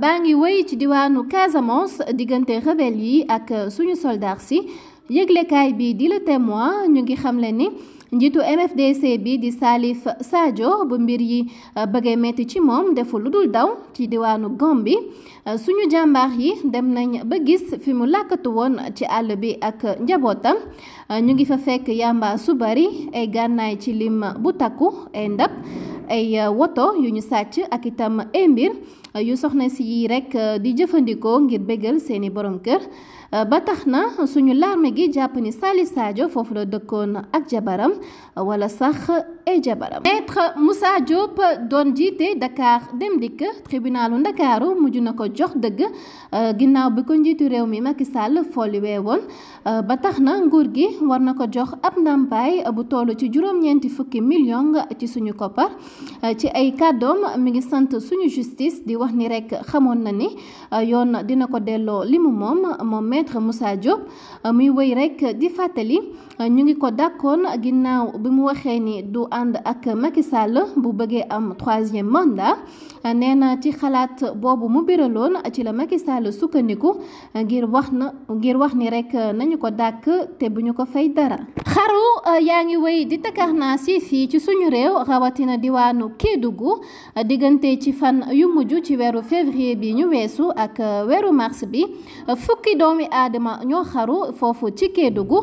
baa ngi woy ci diwaanu Casamance diggante rebelle yi ak suñu soldaar si yëglekaay bi di le témoin ñu ngi xamle ni njiitu MFDC bi di Salif Sadio bu mbir yi euh, bëggee metti ci moom deful lu dul daw ci diwaanu Gambie euh, suñu jàmbaar yi dem nañ ba gis fi mu làkkatu woon ci àll bi ak njabootam euh, ñu ngi fa fekk yamba su bari ay gànnaay ci lim bu takku ay ndab ay euh, woto yu ñu sàcc ak itam ay euh, yu soxna si yi rek euh, di jëfandikoo ngir bégal seeni borom kër ba tax na suñu larme gi jàpp ni Salif Sadio foofu la dëkkoon ak jabaram walla sax ay jabaram maître Moussa Diop doon jiite Dakar Dem Dikk tribunalu Ndakaaru mujj na ko jox dëgg ginnaaw bi ko njiitu réew mi Macky Sall folliwee ba tax na nguur gi war na ko jox ab ndàmpaay bu toll ci juróom-ñeenti fukki million ci suñu koppar ci ay kàddoom mi ngi sant suñu justice di wax ni rek xamoon na ni yoon dina ko delloo li mu moom moom maître jóg Diop muy wéy rek di fàttali. ñu ngi ko dàkkoon ginnaaw bi mu waxee ni du ànd ak Macky Sall bu bëggee am troisième mandat nee na ci xalaat boobu mu biraloon ci la Macky Sall sukkandiku ngir wax na ngir wax ni rek nañu ko dàkk te bu ñu ko fay dara. xaru euh, yaa ngi woy di takkar naa si fii ci suñu réew rawatina diwaanu Kédougou diggante ci fan yu mujj ci weeru février bi ñu weesu ak euh, weeru mars bi fukki doomi aadama ñoo xaru foofu ci Kédougou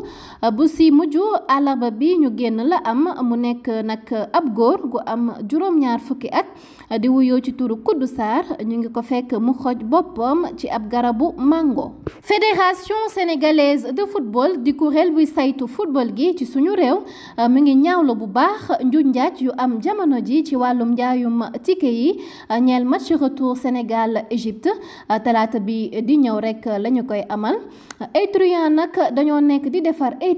bu si mujj àllarba bi ñu génn la am mu nekk nag ab góor gu am juróom-ñaar fukki at di wuyoo ci turu Kuddu Saar ñu ngi ko fekk mu xoj boppam ci ab garabu mango. Fédération sénégalaise de football di kuréel buy saytu football gi. gi ci suñu réew euh, mu ngi ñaawlu bu baax njuuj njaaj yu am jamono ji ci wàllum njaayum ticket yi euh, ñeel match retour Sénégal Égypte euh, talaata bi di ñëw rek lañu koy amal ay nag dañoo nekk di defar ay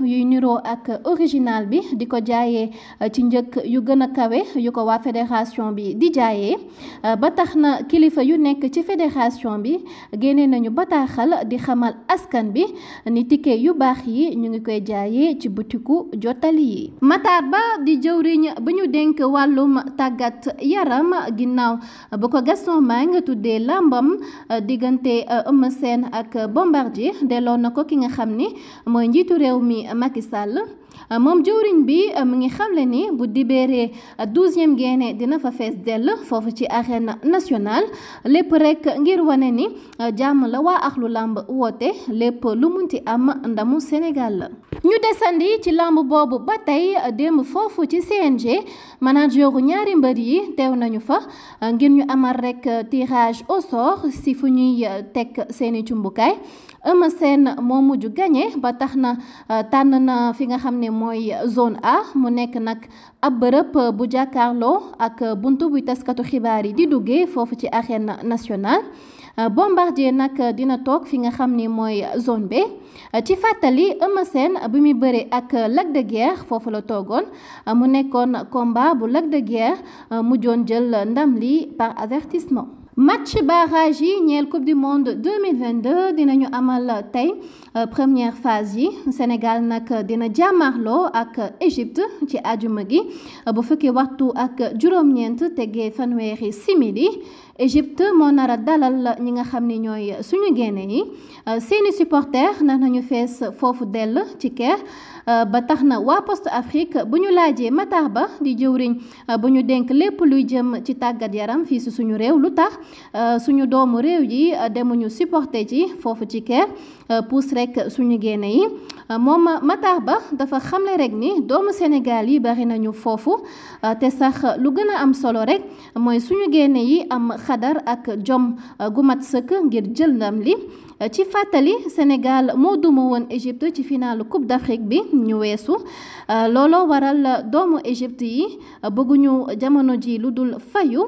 yuy niroo ak original bi di ko jaaye ci njëkk yu gën a kawe yu ko waa fédération bi di jaaye ba tax na kilifa yu nekk ci fédération bi génnee nañu bataaxal di xamal askan bi ni ticket yu baax yi ñu ngi koy jaayee ci butiku jottali yi mataar Ba di jëw riñ bu ñu dénk wàllum tàggat yaram ginnaaw bu ko Gaston nga tuddee làmbam diggante euh, Eumeu seen ak Bombardier delloo na ko ki nga xam ni mooy njiitu réew mi Macky Sall Euh, moom jëwriñ bi euh, mu ngi xamle ni bu dibeeree euh, douzième Guinée dina fa fees dell foofu ci arène nationale lépp rekk ngir wane ni jàmm la waa axlu làmb woote lépp lu munti am ndamu Sénégal la ñu desandi ci làmb boobu ba tey démb foofu ci CNG manageru ñaari mbër yi teew nañu fa ngir ñu amal rek tirage au sort si fu ñuy teg seeni cumbukaay Eumeu Sène moo mujj gagné ba tax na tànn na fi nga xam mooy zone A mu nekk nag ab bërëb bu jàkkaarloo ak bunt buy taskatu xibaar yi di duggee foofu ci arène nationale bombardier nag dina toog fi nga xam ni mooy zone B ci fàttali Eumeu bi muy bëree ak Lac de foofu la toogoon mu nekkoon combat bu Lac de Guiers mujjoon jël ndam li par avertissement match barrage yi ñeel coupe du monde 2022 dinañu amal tey euh, première phase yi Sénégal nag dina jàmmarloo ak Égypte ci ajuma gi bu fukki waxtu ak juróom-ñeent tegee fanweeri simili Égypte moo nar a dalal ñi nga xam ni ñooy suñu génne yi euh, seeni supporters na nañu fees foofu dell ci ker Euh, ba tax na waa Poste Afrique bu ñu laajee Matar Ba di jëwriñ euh, bu ñu dénk lépp luy jëm ci tàggat yaram fii si suñu réew lu tax euh, suñu doomu réew yi demuñu supporter ji foofu ci kër puus rek suñu génne yi moom Matar Ba dafa xamle rek ni doomu Sénégal yi bari nañu foofu te sax lu gën a am solo rek mooy suñu génne yi am xadar ak jom gu mat sëkk ngir jël ndam li Euh, ci fàttali Sénégal moo duma woon Égypte ci finaalu Coupe d'Afrique bi ñu weesu euh, looloo waral doomu Égypte yi euh, bëgguñu jamono ji lu dul fayu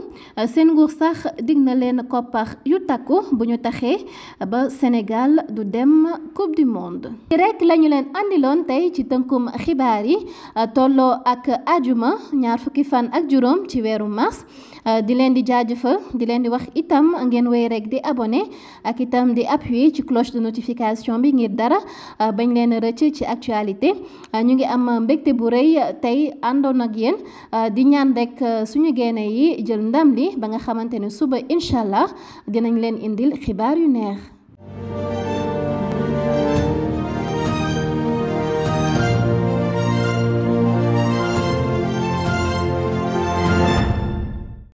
seen nguur sax digg na leen koppar yu takku bu ñu taxee ba Sénégal du dem Coupe du Monde rek lañu leen indiloon tey ci tënkum xibaar yi tolloo ak ajuma ñaar fukki fan ak juróom ci weeru mars di leen di jaajëfal di leen di wax itam ngeen wéy rek di abonné ak itam di appui appuyer ci cloche de notification bi ngir dara euh, bañ leen rëcc ci actualité euh, ñu ngi am mbégte bu rëy tey àndoon ak yéen euh, di ñaan rek suñu génne yi jël ndam li ba nga xamante ne suba incha allah dinañ leen indil xibaar yu neex.